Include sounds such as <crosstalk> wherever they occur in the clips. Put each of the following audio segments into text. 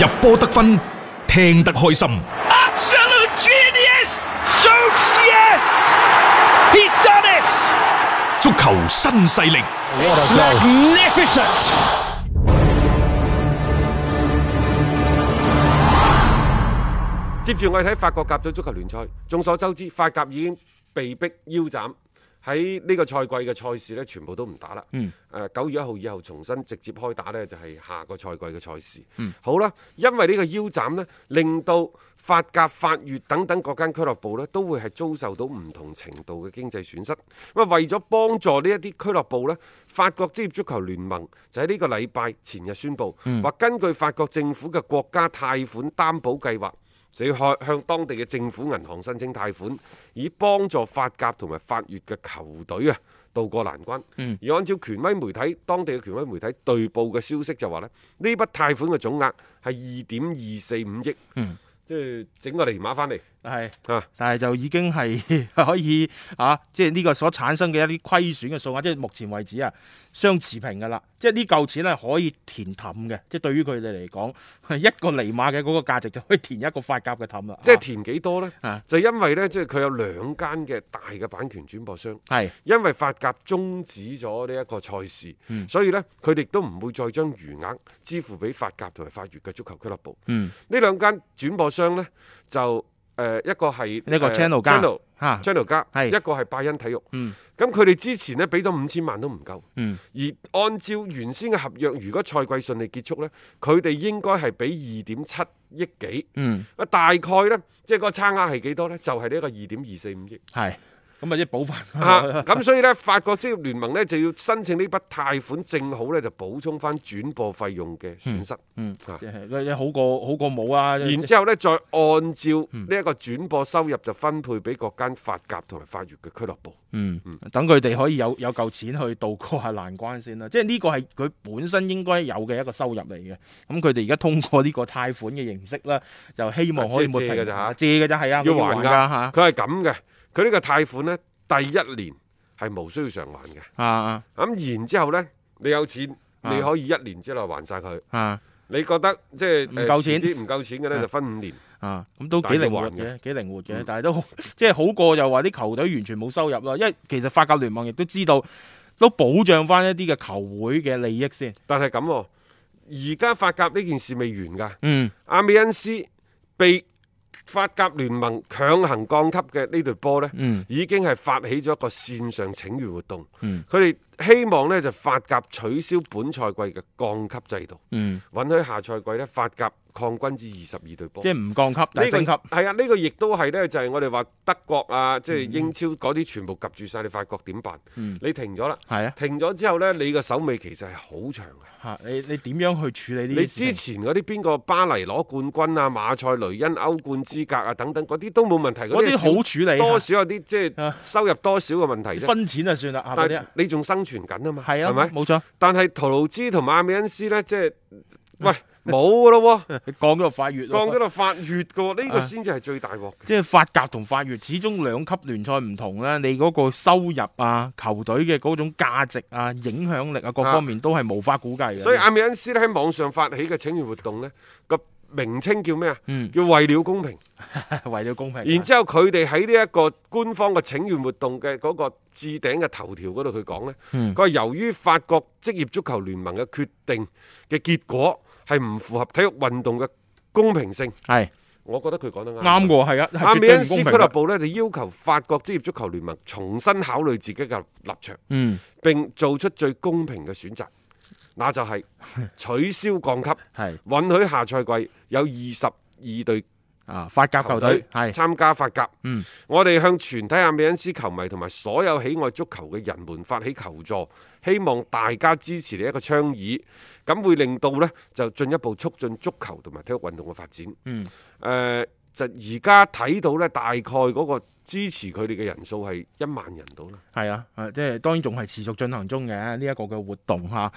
入波得分，聽得開心。足球新勢力，接住我哋睇法國甲組足球聯賽。眾所周知，法甲已經被逼腰斬。喺呢個賽季嘅賽事呢，全部都唔打啦。誒、嗯，呃、九月一號以後重新直接開打呢，就係、是、下個賽季嘅賽事。嗯、好啦，因為呢個腰斬呢，令到法甲、法乙等等各間俱樂部呢，都會係遭受到唔同程度嘅經濟損失。咁啊，為咗幫助呢一啲俱樂部呢，法國職業足球聯盟就喺呢個禮拜前日宣布，話、嗯、根據法國政府嘅國家貸款擔保計劃。就要向當地嘅政府銀行申請貸款，以幫助法甲同埋法乙嘅球隊啊渡過難關。嗯、而按照權威媒體，當地嘅權威媒體隊報嘅消息就話咧，呢筆貸款嘅總額係二點二四五億，即係、嗯、整個尼馬翻嚟。係，但係就已經係可以吓、啊，即係呢個所產生嘅一啲虧損嘅數額，即係目前為止啊，相持平噶啦，即係呢嚿錢係可以填氹嘅，即係對於佢哋嚟講，一個尼馬嘅嗰個價值就可以填一個法甲嘅氹啦。即係填幾多咧？啊，就因為咧，即係佢有兩間嘅大嘅版權轉播商，係是因為法甲終止咗呢一個賽事，嗯、所以咧，佢哋都唔會再將餘額支付俾法甲同埋法乙嘅足球俱樂部。嗯，呢兩間轉播商咧就。誒、呃、一個係、呃、channel c h a n n e l channel 加家，係、啊、一個係拜恩體育。嗯，咁佢哋之前咧俾咗五千萬都唔夠。嗯，而按照原先嘅合約，如果賽季順利結束咧，佢哋應該係俾二點七億幾。嗯，啊大概咧，即、就、係、是、個差額係幾多咧？就係、是、呢個二點二四五億。係。咁咪一補翻咁、啊、所以咧法國職業聯盟咧就要申請呢筆貸款，正好咧就補充翻轉播費用嘅損失。嗯，即、嗯、係、啊就是、好過好過冇啊！然之後咧，就是、再按照呢一個轉播收入就分配俾各間法甲同埋法乙嘅俱樂部。嗯嗯，等佢哋可以有有夠錢去渡過下難關先啦。即係呢個係佢本身應該有嘅一個收入嚟嘅。咁佢哋而家通過呢個貸款嘅形式啦，就希望可以借嘅咋、啊、借嘅就係啊，要還㗎嚇。佢係咁嘅。佢呢個貸款咧，第一年係冇需要償還嘅。啊啊！咁然之後咧，你有錢你可以一年之內還晒佢。啊，你覺得即係唔夠錢？啲唔夠錢嘅咧就分五年。啊，咁都幾靈活嘅，幾靈活嘅。但係都即係好過就話啲球隊完全冇收入啦。因為其實法甲聯盟亦都知道都保障返一啲嘅球會嘅利益先。但係咁，而家法甲呢件事未完㗎。嗯，阿美恩斯被。法甲聯盟強行降級嘅呢隊波呢，嗯、已經係發起咗一個線上請願活動。佢哋、嗯、希望呢就法甲取消本賽季嘅降級制度，嗯、允許下賽季呢法甲。抗軍之二十二隊波，即係唔降級，呢個係啊，呢個亦都係咧，就係我哋話德國啊，即係英超嗰啲全部及住晒。你法國點辦？你停咗啦，係啊，停咗之後咧，你個手尾其實係好長嘅嚇。你你點樣去處理呢？你之前嗰啲邊個巴黎攞冠軍啊，馬賽、雷恩歐冠資格啊等等嗰啲都冇問題。嗰啲好處理，多少有啲即係收入多少嘅問題。分錢就算啦，但係你仲生存緊啊嘛，係咪？冇錯。但係圖魯茲同阿美恩斯咧，即係喂。冇噶咯喎！降咗落法乙，降咗落法乙噶喎！呢個先至係最大鑊。即係法甲同法乙，始終兩級聯賽唔同啦。你嗰個收入啊，球隊嘅嗰種價值啊，影響力啊，各方面都係無法估計嘅。所以阿美恩斯咧喺網上發起嘅請願活動咧，個名稱叫咩啊？嗯，叫為了公平。為了公平。然之後佢哋喺呢一個官方嘅請願活動嘅嗰個置頂嘅頭條嗰度，去講咧，佢話由於法國職業足球聯盟嘅決定嘅結果。係唔符合體育運動嘅公平性，係是，我覺得佢講得啱。啱喎，係啊，啱。阿米恩斯俱樂部咧就要求法國職業足球聯盟重新考慮自己嘅立場，啊嗯、並做出最公平嘅選擇，那就係取消降級， <laughs> 是允許下賽季有二十二隊。啊！法甲球隊係參加法甲，嗯，我哋向全體阿美恩斯球迷同埋所有喜愛足球嘅人們發起求助，希望大家支持你一個倡議，咁會令到呢就進一步促進足球同埋體育運動嘅發展，嗯，誒、呃。就而家睇到呢，大概嗰個支持佢哋嘅人數係一萬人到啦。係啊，即、啊、係、即係、當然仲係持續進行中嘅呢一個嘅活動嚇。誒、啊，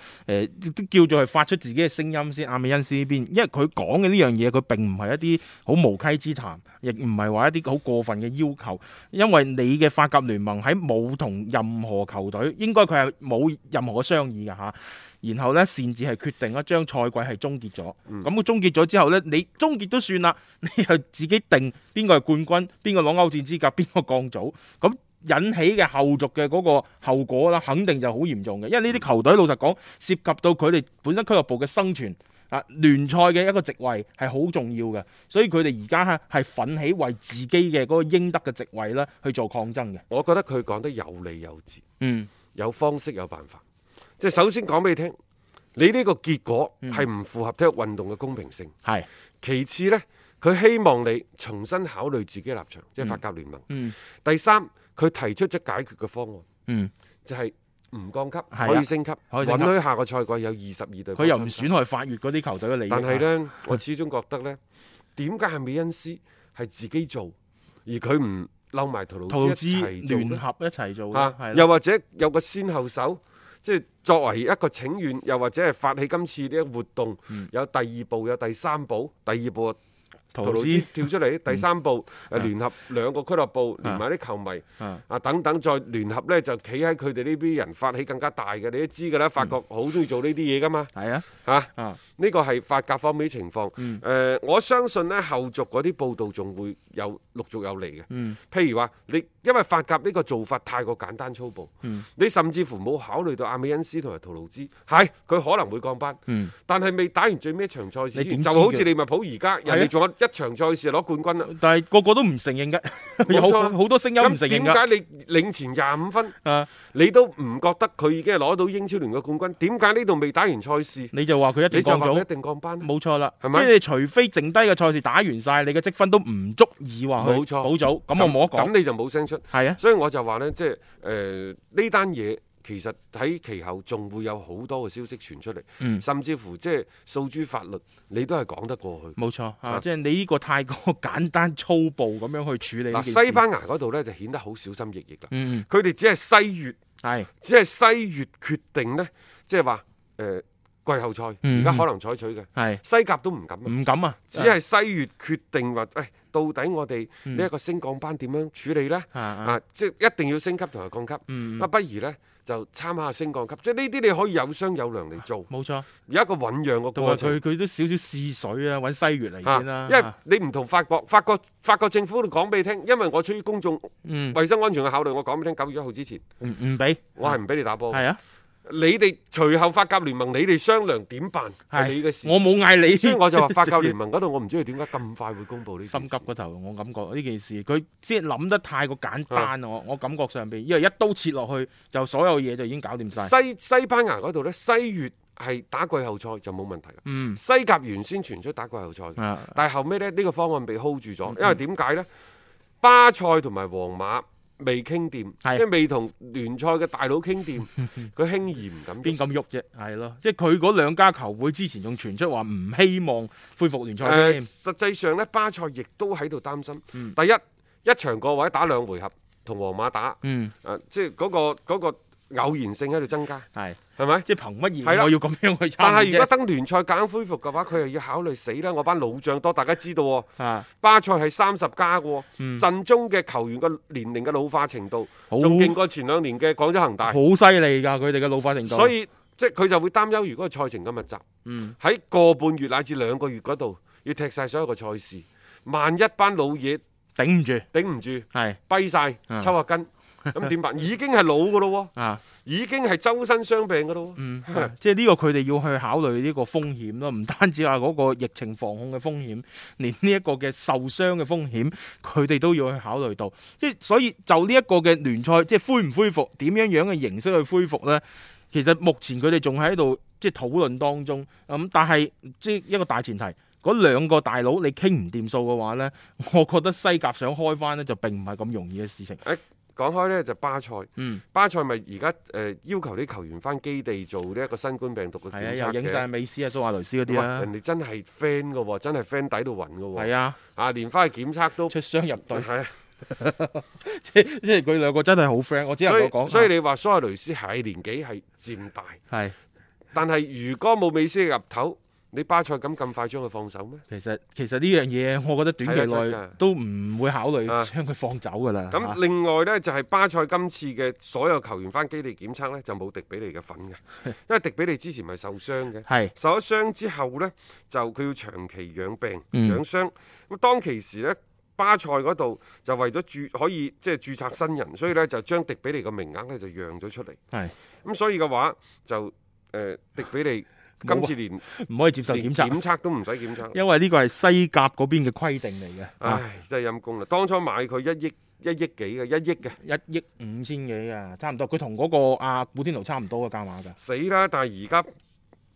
都叫做係發出自己嘅聲音先。阿、啊、米恩斯呢邊，因為佢講嘅呢樣嘢，佢並唔係一啲好無稽之談，亦唔係話一啲好過分嘅要求，因為你嘅法甲聯盟喺冇同任何球隊應該佢係冇任何商議嘅嚇。啊然後咧擅自係決定一將賽季係終結咗。咁佢、嗯、終結咗之後呢，你終結都算啦，你係自己定邊個係冠軍，邊個攞歐戰資格，邊個降組。咁引起嘅後續嘅嗰個後果啦，肯定就好嚴重嘅。因為呢啲球隊老實講，涉及到佢哋本身俱樂部嘅生存啊，聯賽嘅一個席位係好重要嘅，所以佢哋而家吓係奮起為自己嘅嗰個應得嘅席位啦，去做抗爭嘅。我覺得佢講得有理有節，嗯，有方式有辦法。即係首先講俾你聽，你呢個結果係唔符合體育運動嘅公平性。係、嗯、其次呢，佢希望你重新考慮自己嘅立場，即、就、係、是、法甲聯盟。嗯嗯、第三，佢提出咗解決嘅方案，嗯、就係唔降級可以升級，啊、可以升級允許下個賽季有二十二隊。佢又唔損害法越嗰啲球隊嘅利益。但係呢，啊、我始終覺得呢，點解係美恩斯係自己做，而佢唔嬲埋投資聯合一齊做、啊？又或者有個先後手？即係作為一個請願，又或者係發起今次呢個活動，嗯、有第二步，有第三步。第二步陶老師跳出嚟，嗯、第三步誒聯、嗯啊嗯、合兩個俱樂部，聯埋啲球迷啊，啊、嗯、等等，再聯合呢，就企喺佢哋呢邊人發起更加大嘅。你都知㗎啦，法國好中意做呢啲嘢㗎嘛。係、嗯、啊。嚇，呢個係法甲方面情況。誒，我相信咧後續嗰啲報道仲會有陸續有嚟嘅。譬如話，你因為法甲呢個做法太過簡單粗暴，你甚至乎冇考慮到阿美恩斯同埋圖魯茲，係佢可能會降班。但係未打完最尾場賽事，就好似利物浦而家，人哋仲有一場賽事攞冠軍啦。但係個個都唔承認嘅，有好多聲音唔承認㗎。點解你領前廿五分，你都唔覺得佢已經係攞到英超聯嘅冠軍？點解呢度未打完賽事你就？話佢一定降一定降班，冇錯啦，係咪？即係你除非剩低嘅賽事打完晒，你嘅積分都唔足以話去保組。咁我冇得講，咁你就冇聲出係啊。所以我就話咧，即係誒呢單嘢其實喺其後仲會有好多嘅消息傳出嚟，甚至乎即係訴諸法律，你都係講得過去，冇錯啊。即係你呢個太過簡單粗暴咁樣去處理。西班牙嗰度咧就顯得好小心翼翼噶，佢哋只係西越係，只係西越決定呢，即係話誒。季後賽而家可能採取嘅，是西甲都唔敢，唔敢啊！只係西乙決定話，誒、哎、到底我哋呢一個升降班點樣處理咧？啊，啊，即係一定要升級同埋降級，啊，啊，不如咧就參下升降級，即係呢啲你可以有商有量嚟做，冇、啊、錯，有一個醞釀嘅過程。佢都少少試水啊，揾西乙嚟啦、啊啊。因為你唔同法國，法國法國政府都講俾你聽，因為我出於公眾衞生安全嘅考慮，嗯、我講俾你聽，九月一號之前唔唔俾，嗯嗯、我係唔俾你打波。係啊。你哋隨後法甲聯盟，你哋商量點辦？係你嘅事，我冇嗌你先， <laughs> 我就話法甲聯盟嗰度，我唔知佢點解咁快會公布呢？心急嗰頭，我感覺呢件事佢先諗得太過簡單啊！我的我感覺上邊，因為一刀切落去就所有嘢就已經搞掂晒。西西班牙嗰度咧，西乙係打季後賽就冇問題啦。嗯，西甲原先傳出打季後賽，嗯、但係後尾咧呢、呢個方案被 hold 住咗，因為點解咧？巴塞同埋皇馬。未傾掂，即係未同聯賽嘅大佬傾掂，佢輕易唔敢邊敢喐啫，係咯，即係佢嗰兩家球會之前仲傳出話唔希望恢復聯賽添、呃。實際上呢，巴塞亦都喺度擔心，嗯、第一一場過或者打兩回合同皇馬打，誒、嗯呃，即係嗰個嗰個。嗰個偶然性喺度增加，係係咪？即係憑乜嘢？係啦，我要咁樣去。但係如果等聯賽減恢復嘅話，佢又要考慮死啦。我班老將多，大家知道喎。巴塞係三十加嘅，陣中嘅球員個年齡嘅老化程度，仲勁過前兩年嘅廣州恆大，好犀利噶佢哋嘅老化程度。所以即係佢就會擔憂，如果賽程咁密集，喺個半月乃至兩個月嗰度要踢晒所有嘅賽事，萬一班老嘢頂唔住，頂唔住，係跛晒抽下筋。咁點辦？已經係老噶咯，啊，已經係周身傷病噶咯。嗯， <laughs> 即係呢個佢哋要去考慮呢個風險咯，唔單止話嗰個疫情防控嘅風險，連呢一個嘅受傷嘅風險，佢哋都要去考慮到。即係所以就呢一個嘅聯賽，即係恢唔恢復，點樣樣嘅形式去恢復呢？其實目前佢哋仲喺度即係討論當中。咁但係即係一個大前提，嗰兩個大佬你傾唔掂數嘅話呢，我覺得西甲想開翻呢，就並唔係咁容易嘅事情。欸講開咧就是、巴塞，巴塞咪而家誒要求啲球員翻基地做呢一個新冠病毒嘅檢測。影晒美斯，蘇斯啊，蘇亞雷斯嗰啲人哋真係 friend 嘅，真係 friend 喺度搵嘅。係啊，連啊連翻去檢測都出雙入對。係 <laughs> <laughs> ，即係佢兩個真係好 friend。我只係我講，所以你話蘇亞雷斯係年紀係佔大，係是，但係如果冇美斯嘅入頭。你巴塞敢咁快將佢放手咩？其實其實呢樣嘢，我覺得短期內都唔會考慮將佢放走噶啦。咁、啊啊、另外呢，就係、是、巴塞今次嘅所有球員翻基地檢測呢，就冇迪比利嘅份嘅，因為迪比利之前咪受傷嘅，係是受咗傷之後呢，就佢要長期養病養傷。咁、嗯、當其時呢，巴塞嗰度就為咗注可以即係、就是、注冊新人，所以呢是，就將、呃、迪比利嘅名額呢就讓咗出嚟。係咁所以嘅話就誒迪比利。今次連唔、啊、可以接受檢測，檢測都唔使檢測， <laughs> 因為呢個係西甲嗰邊嘅規定嚟嘅。唉，真係陰公啦！當初買佢一億一億幾嘅，一億嘅，一億,一億五千幾嘅，差唔多。佢同嗰個阿、啊、古天奴差唔多嘅價碼㗎。死啦！但係而家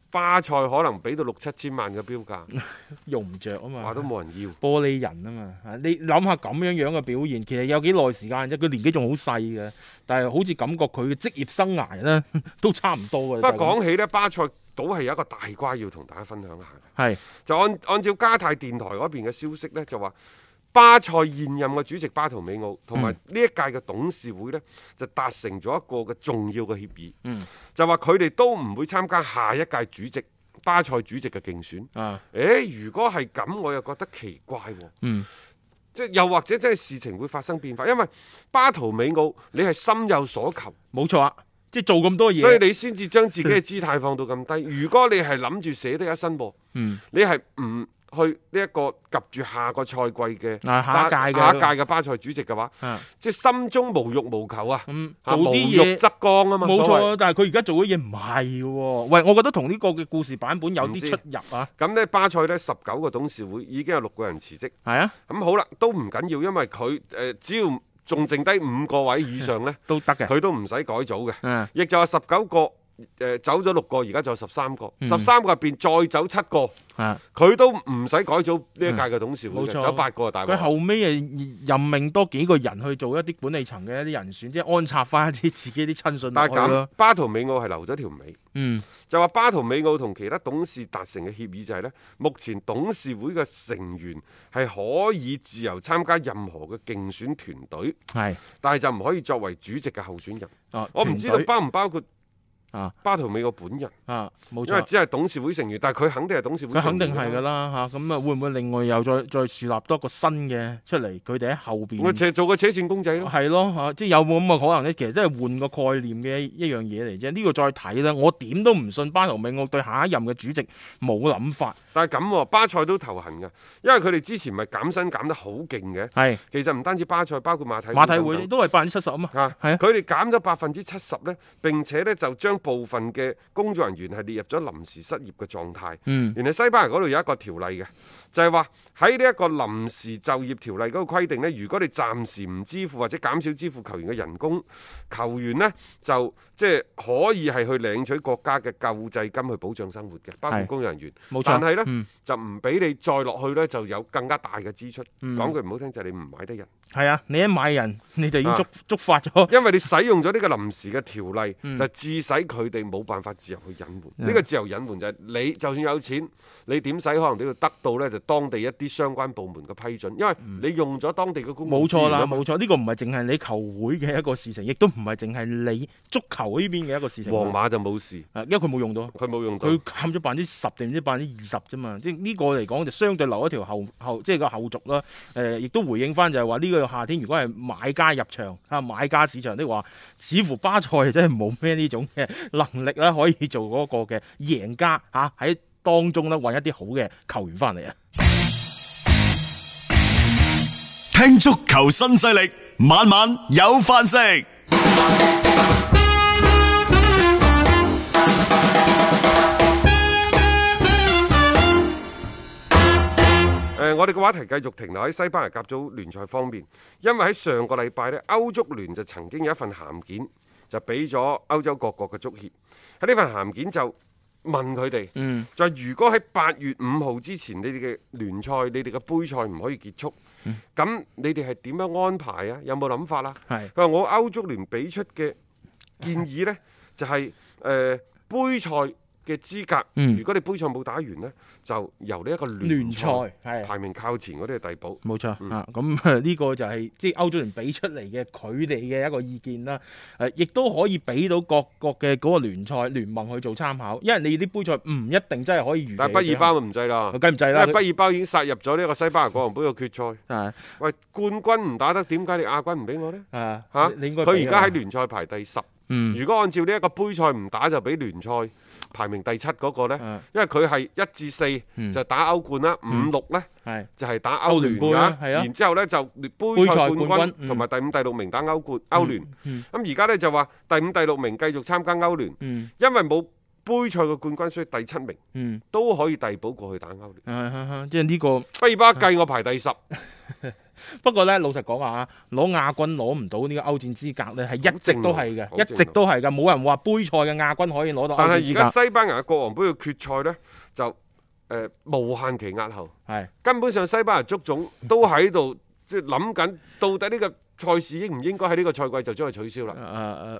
巴塞可能俾到六七千萬嘅標價， <laughs> 用唔着啊嘛。話都冇人要玻璃人啊嘛！你諗下咁樣樣嘅表現，其實有幾耐時間啫？佢年紀仲好細嘅，但係好似感覺佢嘅職業生涯咧 <laughs> 都差唔多嘅。不過講起咧，巴塞。早係有一個大瓜要同大家分享一下。係是就按按照加泰電台嗰邊嘅消息呢，就話巴塞現任嘅主席巴圖美奧同埋呢一屆嘅董事會呢，就達成咗一個嘅重要嘅協議，嗯、就話佢哋都唔會參加下一屆主席巴塞主席嘅競選。誒、啊欸，如果係咁，我又覺得奇怪，啊，即、嗯、又或者即係事情會發生變化，因為巴圖美奧你係心有所求，冇錯啊。即係做咁多嘢，所以你先至將自己嘅姿態放到咁低。如果你係諗住捨得一身噃，嗯、你係唔去呢一個及住下個賽季嘅下屆、那個、下屆嘅巴塞主席嘅話，嗯、即係心中無欲無求啊，做啲嘢則剛啊嘛。冇錯，但係佢而家做嘅嘢唔係喎。喂，我覺得同呢個嘅故事版本有啲出入啊。咁咧，巴塞咧十九個董事會已經有六個人辭職。係啊。咁、嗯、好啦，都唔緊要，因為佢誒只要。仲剩低五個位以上咧，都得嘅，佢都唔使改組嘅，亦、嗯、就係十九個。誒，走咗六個，而家仲有十三個，嗯、十三個入邊再走七個，佢、啊、都唔使改組呢一屆嘅董事會，嗯、走八個啊，大佢後尾任命多幾個人去做一啲管理層嘅一啲人選，即係安插翻一啲自己啲親信落去咯。巴圖美奧係留咗條尾，嗯，就話巴圖美奧同其他董事達成嘅協議就係、是、咧，目前董事會嘅成員係可以自由參加任何嘅競選團隊，係是，但係就唔可以作為主席嘅候選人。哦、我唔知佢包唔包括。啊，巴圖美個本人啊，冇錯，因為只係董事會成員，但係佢肯定係董事會，佢肯定係噶啦吓，咁啊會唔會另外又再再樹立多個新嘅出嚟？佢哋喺後邊，做個扯線公仔咯，係咯，即係有冇咁嘅可能咧？其實都係換個概念嘅一一樣嘢嚟啫。呢個再睇啦，我點都唔信巴圖美奧對下一任嘅主席冇諗法。但係咁，巴塞都頭痕嘅，因為佢哋之前咪減薪減得好勁嘅，係，其實唔單止巴塞，包括馬體馬體會都係百分之七十啊嘛，係，佢哋減咗百分之七十咧，並且咧就將部分嘅工作人員係列入咗臨時失業嘅狀態。嗯，原來西班牙嗰度有一個條例嘅，就係話喺呢一個臨時就業條例嗰個規定咧，如果你暫時唔支付或者減少支付球員嘅人工，球員咧就即係可以係去領取國家嘅救濟金去保障生活嘅，包括工作人員，冇錯，但係咧、嗯、就唔俾你再落去咧，就有更加大嘅支出。講、嗯、句唔好聽，就係、是、你唔買得人。係啊，你一買人你就已經觸觸、啊、發咗， <laughs> 因為你使用咗呢個臨時嘅條例就致使。佢哋冇辦法自由去隱瞞，呢、這個自由隱瞞就係、是、你就算有錢，你點使可能都要得到咧，就當地一啲相關部門嘅批准，因為你用咗當地嘅公，冇錯啦，冇、嗯、錯，呢、這個唔係淨係你球會嘅一個事情，亦都唔係淨係你足球呢邊嘅一個事情。皇馬就冇事，因為佢冇用到，佢冇用到。佢減咗百分之十定唔知百分之二十啫嘛，即係呢個嚟講就相對留一條後後，即係個後續啦。誒、呃，亦都回應返就係話呢個夏天如果係買家入場啊，買家市場的話，似乎巴塞真係冇咩呢種嘅。能力咧可以做嗰個嘅贏家吓，喺當中咧揾一啲好嘅球員翻嚟啊！聽足球新勢力，晚晚有飯食。誒、 <music> 呃，我哋嘅話題繼續停留喺西班牙甲組聯賽方面，因為喺上個禮拜咧，歐足聯就曾經有一份函件。就俾咗歐洲各國嘅足協喺呢份函件就問佢哋，嗯、就如果喺八月五號之前你哋嘅聯賽、你哋嘅杯賽唔可以結束，咁、嗯、你哋係點樣安排啊？有冇諗法啦、啊？佢話是我歐足聯俾出嘅建議呢，就係、是、誒、呃、杯賽。嘅資格，如果你杯賽冇打完呢，就由呢一個聯賽排名靠前嗰啲嚟遞補。冇錯，咁呢、嗯啊、個就係即係歐足聯俾出嚟嘅佢哋嘅一個意見啦。亦、啊、都可以俾到各國嘅嗰個聯賽聯盟去做參考，因為你啲杯賽唔一定真係可以完。但係畢爾包就唔制啦，梗唔制啦。因為畢爾包已經殺入咗呢個西班牙國王杯嘅決賽。啊、喂，冠軍唔打得，點解你亞軍唔俾我呢？啊、佢而家喺聯賽排第十、嗯。如果按照呢一個杯賽唔打就俾聯賽。排名第七嗰個咧，因為佢係一至四就打歐冠啦，五六、嗯、呢就係打歐聯，然之後呢，就、啊、杯賽冠軍同埋第五、第六名打歐冠歐、嗯、聯。咁而家呢，就話第五、第六名繼續參加歐聯，因為冇杯賽嘅冠軍，所以第七名都可以遞補過去打歐聯。即係呢個巴爾巴計我排第十。一 tamam en 不過咧，老實講話，攞亞軍攞唔到呢個歐戰資格咧，係一直都係嘅，一直都係嘅，冇人話杯賽嘅亞軍可以攞到，但係而家西班牙嘅國王杯嘅決賽咧，就誒、呃、無限期壓後。係是根本上西班牙足總都喺度即係諗緊到底呢、這個。 <laughs> 賽事應唔應該喺呢個賽季就將佢取消啦？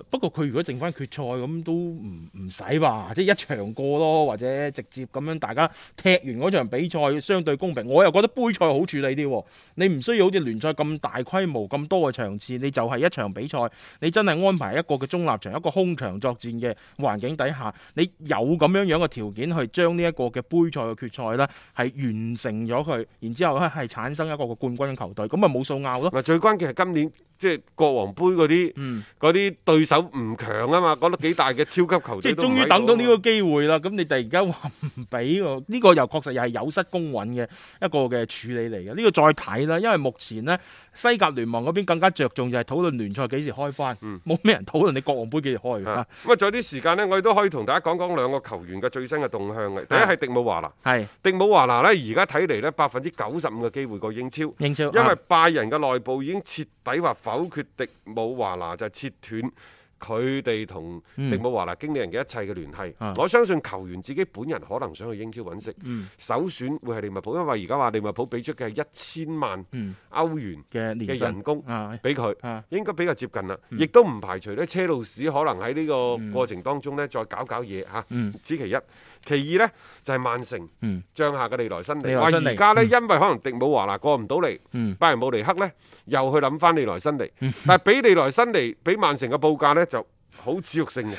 誒誒，不過佢如果剩翻決賽咁，都唔唔使話，即係、就是、一場過咯，或者直接咁樣大家踢完嗰場比賽，相對公平。我又覺得杯賽好處理啲，你唔需要好似聯賽咁大規模、咁多嘅場次，你就係一場比賽，你真係安排一個嘅中立場、一個空場作戰嘅環境底下，你有咁樣樣嘅條件去將呢一個嘅杯賽嘅決賽咧，係完成咗佢，然之後咧係產生一個嘅冠軍嘅球隊，咁咪冇數拗咯。嗱，最關鍵係今年。即係國王杯嗰啲，嗰啲、嗯、對手唔強啊嘛，嗰粒幾大嘅超級球，即係終於等到呢個機會啦。咁你突然間話唔俾個呢個，又確實又係有失公允嘅一個嘅處理嚟嘅。呢個再睇啦，因為目前咧。西甲聯盟嗰邊更加着重就係討論聯賽幾時開翻，冇咩、嗯、人討論你國王杯幾時開啊？咁啊、嗯， <laughs> 仲有啲時間呢，我哋都可以同大家講講兩個球員嘅最新嘅動向嘅。第一係迪武華拿，係、嗯、迪武華拿呢而家睇嚟呢，百分之九十五嘅機會過英超，英超嗯、因為拜仁嘅內部已經徹底話否決迪武華拿就切斷。佢哋同迪姆華納經理人嘅一切嘅聯繫，嗯、我相信球員自己本人可能想去英超揾食，嗯、首選會係利物浦，因為而家話利物浦俾出嘅係一千萬歐元嘅人工俾佢，嗯、應該比較接近啦，亦都唔排除咧，車路士可能喺呢個過程當中呢，再搞搞嘢嚇，只、嗯、 <laughs> 其一。其二咧就係曼城帳下嘅利來新尼話而家咧因為可能迪姆華嗱過唔到嚟，拜仁慕尼黑咧又去諗翻利來新尼，但係比利來新尼比曼城嘅報價咧就好恥辱性，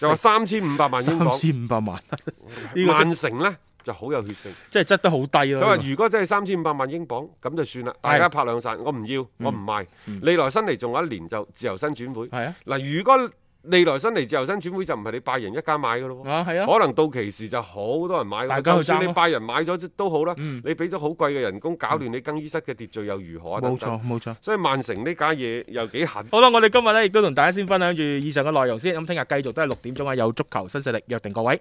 又話三千五百萬英鎊，三千五百萬，曼城咧就好有血性，即係質得好低咯。咁話如果真係三千五百萬英鎊咁就算啦，大家拍兩散，我唔要，我唔賣，利來新尼仲有一年就自由身轉會。係啊，嗱如果。未來新嚟自由身轉會就唔係你拜仁一家買嘅咯，啊啊、可能到期時就好多人買。大家就，啊、就算你拜仁買咗都好啦，啊，嗯、你俾咗好貴嘅人工，搞亂你更衣室嘅秩序又如何啊？冇錯冇錯，所以曼城呢家嘢又幾狠。好啦，我哋今日咧亦都同大家先分享住以上嘅內容先，咁聽日繼續都係六點鐘啊，有足球新勢力約定各位。